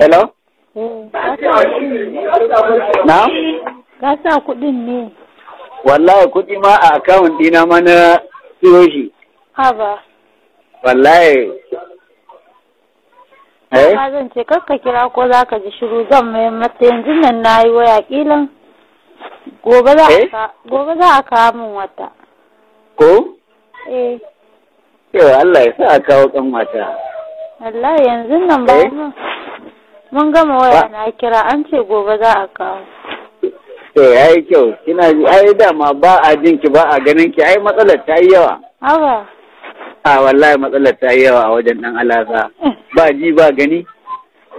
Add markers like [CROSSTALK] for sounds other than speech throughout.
Hello? Na? Ka sa kuɗin ne. Wallahi kuɗi ma a akawun ɗina ma na siyo shi. Haba. Wallahi. Eh? Ba zan ce kakka kira ko za ka ji shiru zan mai mata yanzu nan na yi waya kilan. Eh? Gobe za a kawo min wata. Ko? Eh. Yau Allah ya sa a kawo kan wata. Allah yanzu nan ba eh? mun gama waya na kira an ce gobe za a kawo. Eh ai kyau kina ji ai dama ba a jin ki ba a ganin ki ai matsalar ta yi yawa. Haba. A wallahi matsalar ta yi yawa a wajen dan alaza. Ba ji ba gani.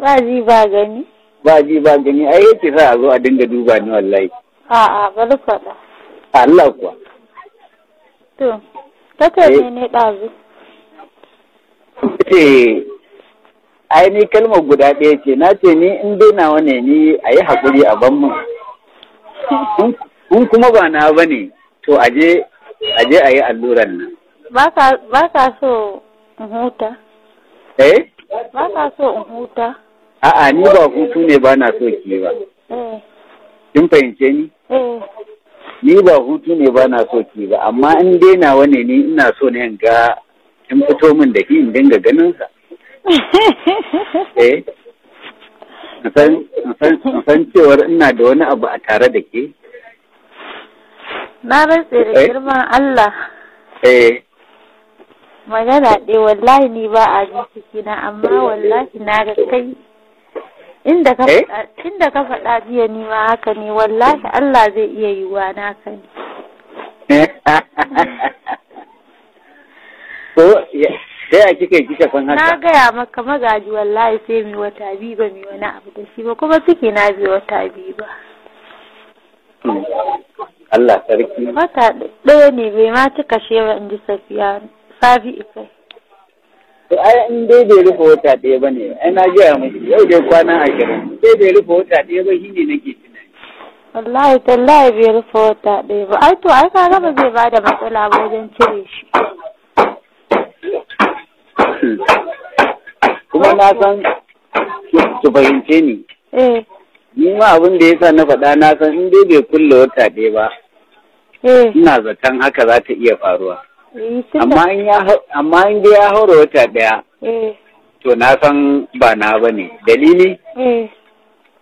Ba ji ba gani. Ba ji ba gani ai yake sa a zo a dinga duba ni wallahi. A'a bari faɗa. Allah kuwa. To, ta ne eh. ne ɗazu. Ce eh, ai ni kalmar guda ɗaya ce na ce ni in dai nawa ne ni a yi haƙuri a ban mun in kuma ba na ba ne to aje aje a yi alluran nan ba ka so in huta eh ba ka so in huta a'a ni ba hutu ne ba na so ki ba eh. kin fahimce ni eh. ni ba hutu ne ba na so ki ba amma in dai nawa ne ni ina so ne in ga in fito min da ki in dinga ganin sa eh cewar ina da wani abu a tare da ke na rantse da eh? girman Allah eh magana ɗe wallahi ni ba a ji ciki na amma wallahi na ga kai eh? inda ka faɗa jiya ni ma haka ne wallahi Allah zai iya yiwa na eh? [LAUGHS] ka sai a kika yi kika san haka na gaya maka magaji wallahi sai mai wata biyu ba mai wani abu da shi ba kuma suke na bi wata biyu ba Allah sarki wata ɗaya ne bai ma cika ba in ji safiya safi ikai to ai in dai bai rufe wata ɗaya ba ne ai na gaya miki yau dai kwana gari dai bai rufe wata ɗaya ba shine nake tunani wallahi tallahi bai rufe wata ɗaya ba ai to ai ka ba zai bada matsala wajen cire shi kuma na san su fahimce ni eh. ni ma abin da ya sa na faɗa na san in dai bai kulle wata ɗaya ba eh. ina zaton haka za ta iya faruwa eh, amma in dai ya haura wata ɗaya to na san ba na ba ne dalili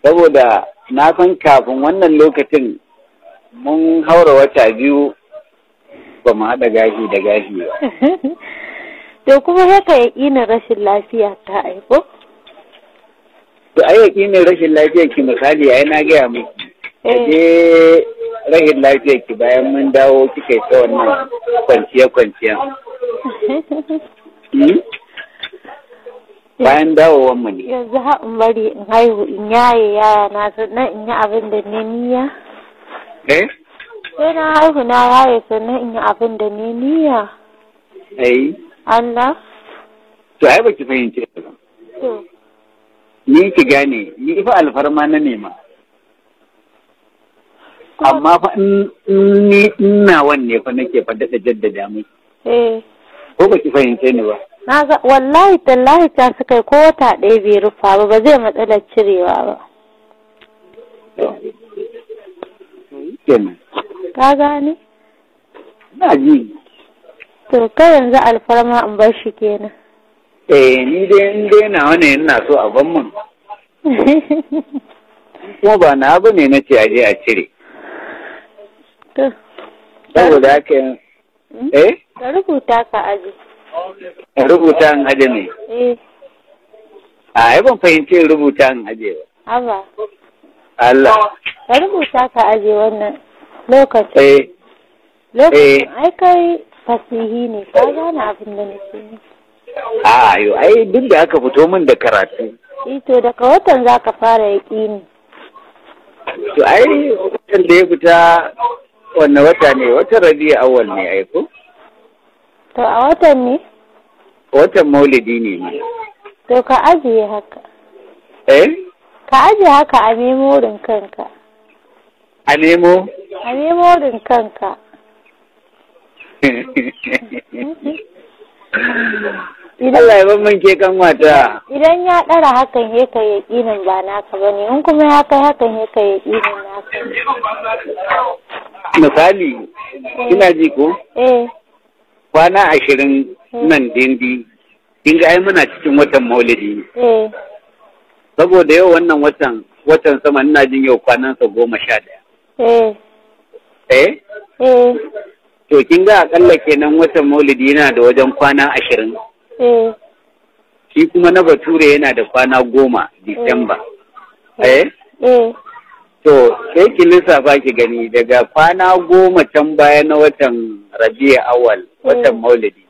saboda na san kafin wannan lokacin mun haura wata biyu ba mu haɗa gashi da gashi ba [LAUGHS] to kuma haka ƙina rashin lafiya ta aiko? To ai ƙina rashin lafiya ki misali ai na gaya miki. Eh. Je rashin lafiya ki bayan mun dawo kika yi ta wannan kwanciya kwanciya. [LAUGHS] Hmm? Bayan dawo mu ne. Yanzu haɗin bari in haihu in yaye yaya na sannan in yi abin da ne niyya. Eh? Sai na haihu na yaye sannan in yi abin da ne niyya. Eh. Allah? To ai baki fahimce ba. Ni ki gane, ni fa alfarma na nema. Amma fa ni ina wanne fa nake fa daɗa jaddada mu. Eh. Ko baki fahimce ni ba. Na ga wallahi tallahi ta su kai ko wata ɗaya bai rufa ba ba zai matsalar cirewa ba. Ka gane? Na ji. To ka yanzu alfarma in bar shi kenan. Eh ni dai in dai na wani ina so a ban mun. [LAUGHS] Kuma ba na abu ne na ce a je a cire. Saboda haka hmm? eh? Ka rubuta ka aji. In rubuta in aje ne? Eh. A ban fahimci rubuta in aje ba. Haba. Allah. Ka rubuta ka aje wannan lokacin. Eh. Lokacin eh. ai kai fasihi ne ka gane abin da nake yi a yo ai duk da aka fito min da karatu eh, to daga watan za ka fara yaƙini to ai watan da ya fita wanne wata ne watan rabi'a awal ne ai ko to a watan ne watan maulidi ne ne to ka ajiye haka eh ka ajiye haka a memorin kanka a nemo a memorin kanka [LAUGHS] Allah ya ban ke kan mata. Idan ya ɗara hakan ya ka ƙinin ba naka ba ne, in kuma ya kai hakan ya ka na naka. Misali, kina ji ko? Eh. Kwana ashirin eh. nan dindi, kin ga ai muna cikin watan maulidi. Eh. Saboda yau wannan watan watan sama ina jin yau kwanansa goma sha ɗaya. Eh. Eh? Eh. To kin ga akalla kenan watan maulidi yana da wajen kwana ashirin. Eh. Shi kuma na bature yana da kwana goma Disamba. Eh. Eh? eh? To sai ki lissafa ki gani daga kwana goma can baya na watan Rabi'u awal watan maulidi.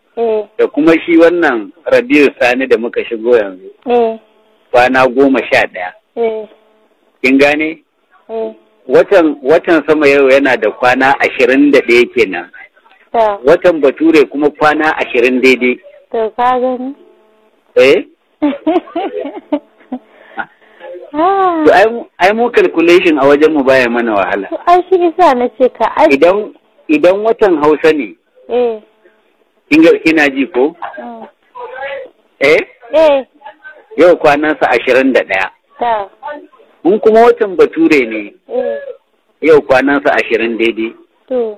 Da kuma shi wannan Rabi'u sani da muka shigo yanzu. Kwana goma sha ɗaya. Kin gane? Watan sama yau yana da kwana ashirin da ɗaya kenan. Watan bature kuma kwana ashirin daidai. To ka gani? Eh? [LAUGHS] Ah. To ai mu calculation a wajen mu baya mana wahala. To ai shi isa na ce ka ai. Idan idan watan Hausa ne. Eh. Kinga kina ji ko? Mm. Eh? Eh. Yau kwanansa ashirin da ɗaya. Ta. Mun kuma watan Bature ne. Eh. Yau kwanansa ashirin daidai. To.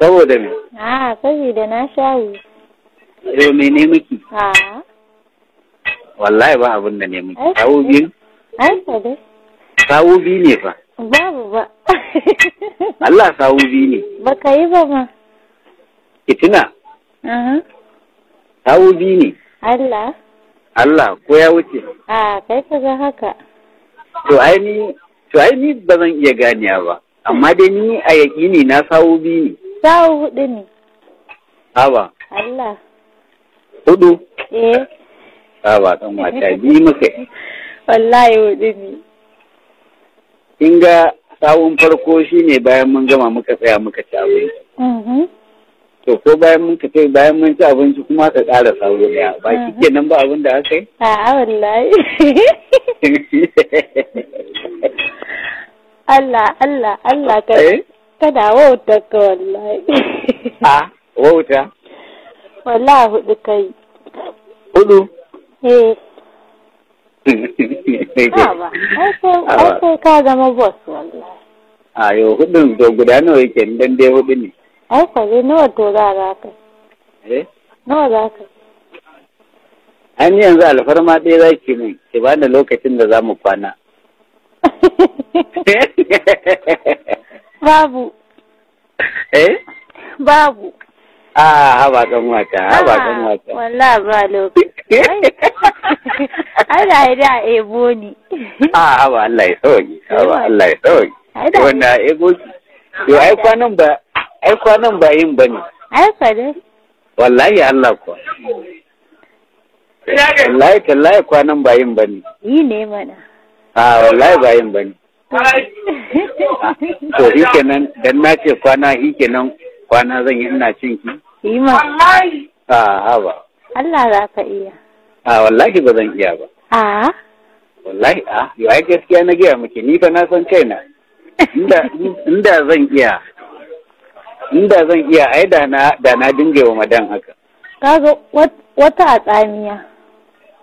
Saboda me? A ah, saboda na sha Yau eh, me ne miki? A. Ah. Wallahi ba abin da ne miki. Sawu biyu? Ai dai. Sawu biyu ne fa. Babu ba. [LAUGHS] Allah sawu biyu ne. Ba ka yi ba ma. Kitina? Sawu biyu ne. Allah. Allah ko ya wuce? A ah, kai ka ga haka. To ai ni to ai ni ba zan iya ganiya ba. Amma dai ni a yaƙini na sawu biyu ne. Sawu hudu ne. Haba. Allah. Hudu? Eh. Awa, ɗan mata biyu muka Wallahi hudu ne. In ga sawun farko ne bayan mun gama muka tsaya muka ci abinci. Mhm. To ko bayan mun kai bayan mun ci abinci kuma ka ƙara sawo daya ba shi mhm. nan ba abin da aka yi? A'a wallahi. [LAUGHS] Allah Allah Allah ka. Eh? Tana wauta ka wallahi. A, [LAUGHS] wauta? Wallahi hudu kai. Hudu? Eh. [LAUGHS] Ba, ai ka zama boss wallahi. A yau hudun to guda nawa yake dan dai hudu ne. Ai ka ne nawa to za ka kai. Eh? Nawa za ka An yanzu alfarma ɗaya za ki min, ki bani lokacin da za mu kwana. [LAUGHS] Babu. Eh? Babu. Ah, haba kan wata, haba kan ah, wata. Wallah ba lokaci. Allah ya da ebo ni. Ah, haba Allah ya sauki, haba Allah ya sauki. Wanda ebo ki. Yo ai kwanan ba, ai kwanan ba yin bane. Ai fa dai. Wallahi Allah ko. Wallahi tallahi kwanan ba yin bane. Yi ne mana. a ah, wallahi ba yin bane to [LAUGHS] shi kenan dan na ce kwana shi kenan kwana zan yi ina cin ki yi ma ah, ha ba. Allah za ka iya a ah, wallahi ba zan iya ba a wallahi a yau ai gaskiya na gaya miki ni fa na san kaina inda zan iya inda zan iya ai da na da na wa madan haka kaga wata a tsamiya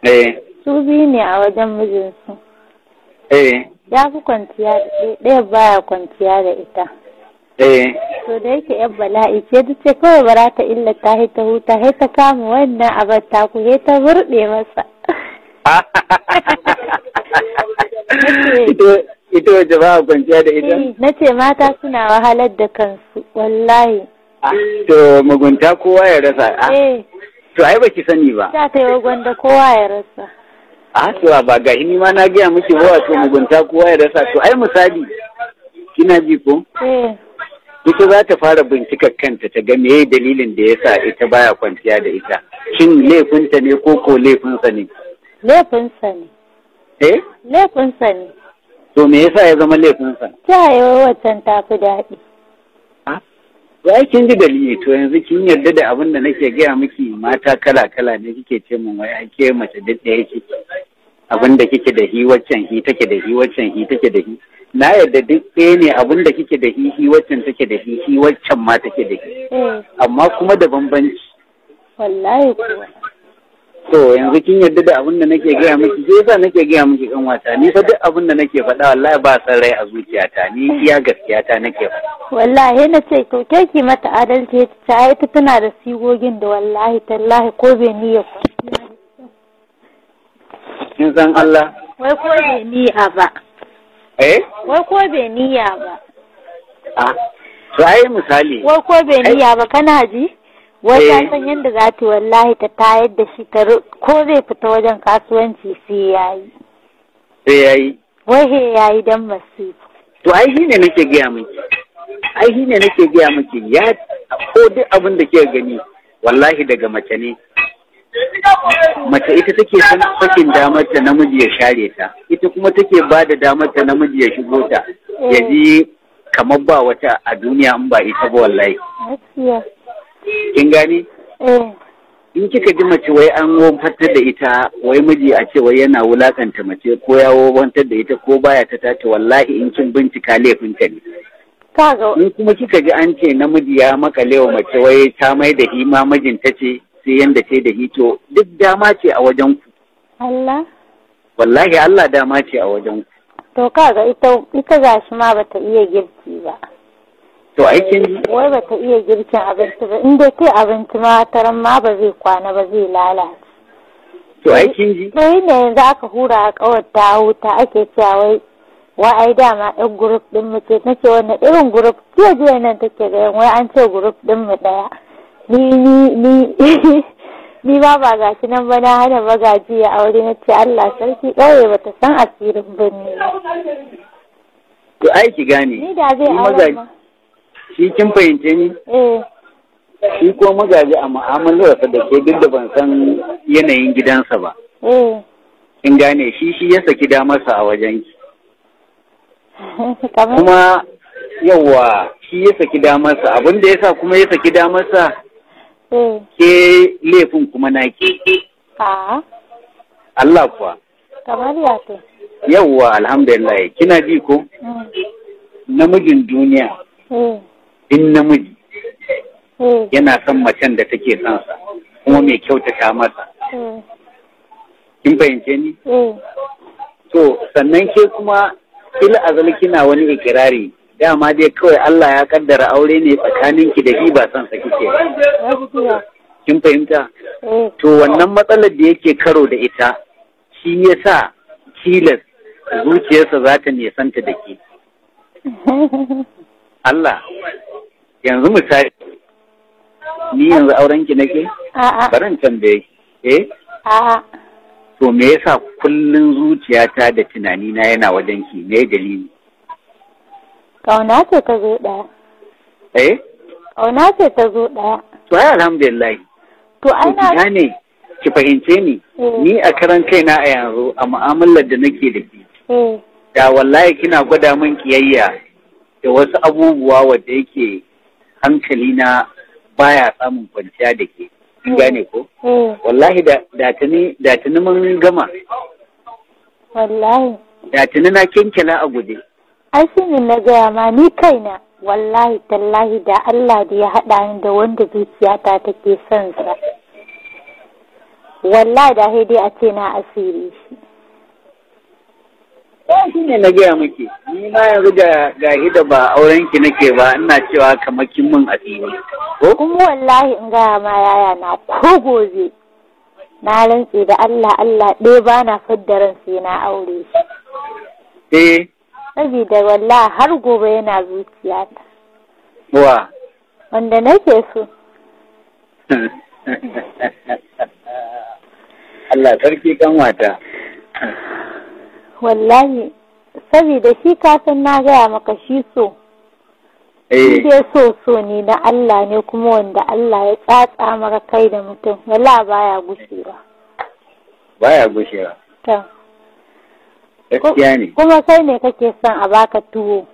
eh su biyu ne a wajen mijinsu eh ya fi kwanciya ɗaya baya kwanciya da ita eh to da yake yan bala'i ce duk ce kawai bara ta illa ta ta huta sai ta kama wannan a ta ku sai ta murɗe masa ita wace ba a kwanciya da ita? Eh, na ce mata suna wahalar da kansu, wallahi. Ah, to mugunta kowa ya rasa. Ah, eh. To ai ki sani ba. Ta ta yi gwanda kowa ya rasa. a hasuwa ba ga ini ma na gaya miki ba wato mugunta kowa ya rasa to ai misali kina ji ko eh. ita za ta fara bincikar kanta ta ga meye dalilin da yasa ita baya kwanciya da ita shin laifinta ne ko ko sa ne sa ne eh sa ne to me yasa ya zama sa ta wancan ta fi dadi. ya kin ji dalili to yanzu kin yarda da abin da nake gaya miki mata kala kala ne kike ce mun wai ake mace da ɗaya kike abin da kike da hi waccan hi take da hi waccan hi take da hi na yadda duk ɗaya ne abin da kike da hi hi waccan take da hi hi waccan ma take da hi hmm. amma kuma da bambanci wallahi kuwa to yanzu kin yadda da abin da nake gaya miki sai yasa nake gaya miki kan wata ni fa duk abin da nake faɗa wallahi ba san rai a zuciyata ni iya gaskiya ta nake ba wallahi na ce to ke ki mata adalci ta ta tana da sigogin da wallahi tallahi ko bai niyya kin san Allah wai ko bai niyya ba eh wai ko bai niyya ba Ah, to ai misali wai ko bai niyya ba kana ji wai ta eh. san yadda za ta wallahi ta tayar da shi ta ko zai fita wajen kasuwanci sai yayi sai yayi wai he yayi dan masifa to ai shine nake gaya miki ai shine nake gaya miki ya ko duk abin da ke gani wallahi daga mace ne mace ita take son sakin damar ta namiji ya share ta ita kuma take ba da damar ta namiji ya shigo ta ya ji kamar ba wata a duniya in ba ita ba wallahi kin gani eh. in kika ji mace wai an wofantar da ita wai miji a ce wai yana wulakanta mace ko ya wofantar da ita ko baya ta tace wallahi in kin bincika laifin ta ne in kuma kika ji an ce namiji ya makale wa mace wai ta mai da hima mijin ta ce sai yanda kai da hito duk dama ce a wajen ku. Allah? Wallahi Allah dama ce a wajen ku. To kaga ita ita gashi ma bata iya girki ba. To aikin eh, wai bata iya girkin abinci ba in dai kai abinci ma taran ma ba zai kwana ba zai lalace. To aikin ji. To ne yanzu aka hura a kawar ta wuta ake cewa wai wa ai dama ɗan gurup ɗin mu ce nace wannan irin gurup jiya jiya nan take ga wai an ce gurup ɗin mu ɗaya. ni ni ni [LAUGHS] ni ma ba ga shi nan ba na hana magaji ya aure na ce Allah sarki ɗauye ba ta san asirin birni to ai ki gane ni da zai aure ma shi kin fahimce ni eh shi ko magaji a mu'amalarsa da ke duk da ban san yanayin gidansa ba eh. in gane shi shi ya saki damarsa a wajen ki [LAUGHS] kuma yawa shi ya saki damarsa abin da ya sa kuma ya saki damarsa Ke laifin kuma na ke. Allah kuwa. Kamar ya to. Yawwa alhamdulillah kina ji ko? Hmm. Namijin duniya. Hmm. In namiji. Hmm. Yana son macen da take son sa kuma mai kyautata masa. Kin fahimce ni? To sannan ke kuma kila azal kina wani ikirari dama dai kawai Allah ya kaddara aure ne tsakaninki da shi ba son sa kike kin fahimta eh. to wannan matsalar da yake karo da ita shi sa kilas zuciyarsa za ta nisanta da ke [LAUGHS] Allah yanzu misali ni yanzu aurenki nake baran ya eh to me yasa kullum zuciyata da tunanina yana wajen ki me dalili Ƙauna ce ta zo ɗaya. Eh? Ƙauna ce ta zo ɗaya. To ai alhamdulillah. To ai na gane ki fahimce ni. Eh. Ni a karan kaina a yanzu a mu'amalar da nake da ke. Eh. Da wallahi kina gwada min kiyayya da wasu abubuwa wadda yake hankali na baya samun kwanciya da ke. Kin eh. gane ko? Wallahi da tuni da tuni mun gama. Wallahi. Da tuni na kinkila a guje. ai shi ne na gaya ma ni kaina wallahi tallahi da Allah da ya haɗa ni da wanda zuciyata take son sa wallahi da sai dai a ce na asiri shi ba shi ne na gaya maki ni ma yanzu da ga da ba auren ki nake ba ina cewa kamakin kin mun asiri ko kuma wallahi in gaya ma yaya na ko gobe na rantse da Allah Allah ɗaya ba na fadda ran sai na aure shi eh Saboda walla har gobe yana zuciyata. Wa. Wanda nake so. [LAUGHS] Allah sarki kan wata. Wallahi, saboda shi kafin na gaya maka shi so. Shi eh. so so ne na Allah ne kuma wanda Allah ya tsatsa maka kai da mutum, wala baya gushewa. Baya gushewa. Ta. gaskiya kuma sai ne kake son a baka tuwo